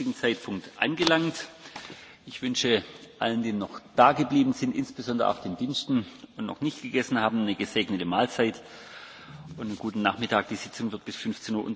jetzigen zeitpunkt angelangt. ich wünsche allen die noch dageblieben sind insbesondere auch den diensten und noch nicht gegessen haben eine gesegnete mahlzeit und einen guten nachmittag. die sitzung wird bis.